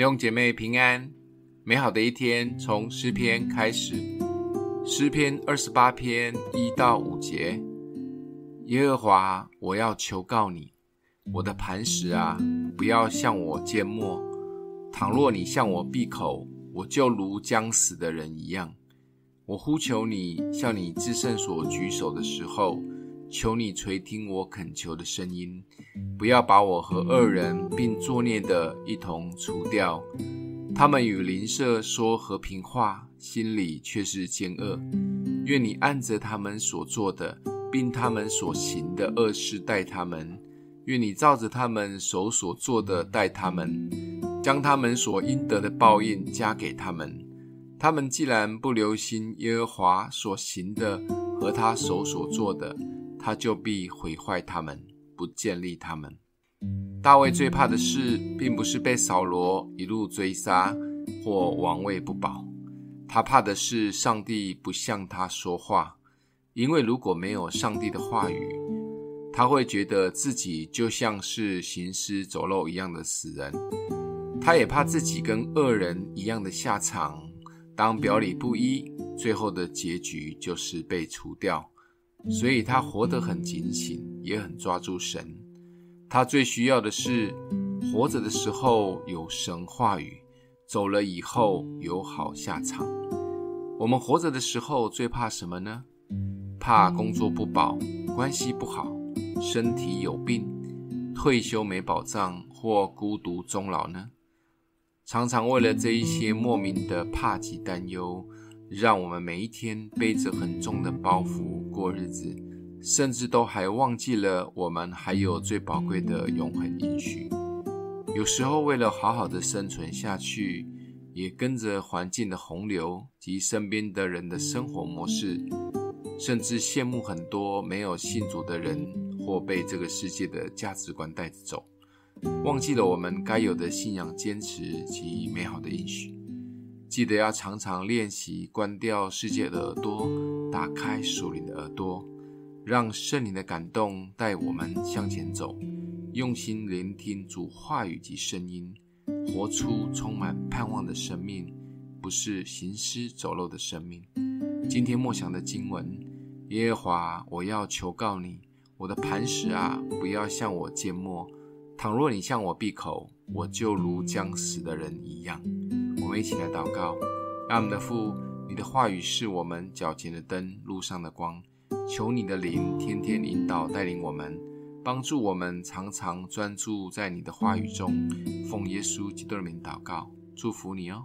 弟兄姐妹平安，美好的一天從詩篇開始。詩篇二十八篇一到五節：耶和華，我要求告你，我的磐石啊，不要向我緘默。倘若你向我閉口，我就如將死的人一樣。我呼求你，向你至聖所舉手的時候。求你垂聽我懇求的聲音，不要把我和惡人並作孽的一同除掉。他們與鄰舍說和平話，心裡卻是奸惡。願你按着他們所做的，並他們所行的惡事待他們。願你照着他們手所做的待他們，將他們所應得的報應加給他們。他們既然不留心耶和華所行的和他手所做的。他就必毀壞他們，不建立他們。大衛最怕的事，並不是被掃羅一路追殺或王位不保，他怕的是上帝不向他說話。因為如果沒有上帝的話語，他會覺得自己就像是行屍走肉一樣的死人。他也怕自己跟惡人一樣的下場，當表裡不一，最後的結局就是被除掉。所以他活得很警醒，也很抓住神。他最需要的是，活着的時候有神話語，走了以後有好下場。我們活着的時候最怕什麼呢？怕工作不保，關係不好，身體有病，退休沒保障，或孤獨終老呢？常常為了這一些莫名的怕及擔憂，讓我們每一天背着很重的包袱。過日子，甚至都還忘記了我們還有最寶貴的永恆應許。有時候為了好好的生存下去，也跟着環境的洪流及身邊的人的生活模式，甚至羨慕很多沒有信主的人或被這個世界的價值觀帶走，忘記了我們該有的信仰堅持及美好的應許。記得要常常練習關掉世界的耳朵。打開屬靈的耳朵，讓聖靈的感動帶我們向前走，用心聆聽主話語及聲音，活出充滿盼望的生命，不是行屍走肉的生命。今天默想的經文：耶和華，我要求告你，我的磐石啊，不要向我緘默。倘若你向我閉口，我就如將死的人一樣。我們一起來禱告，愛我們的父。話語是我們腳前的燈，路上的光。求你的靈天天引導帶領我們，幫助我們常常專注在你的話語中。奉耶穌基督的名禱告，祝福你哦。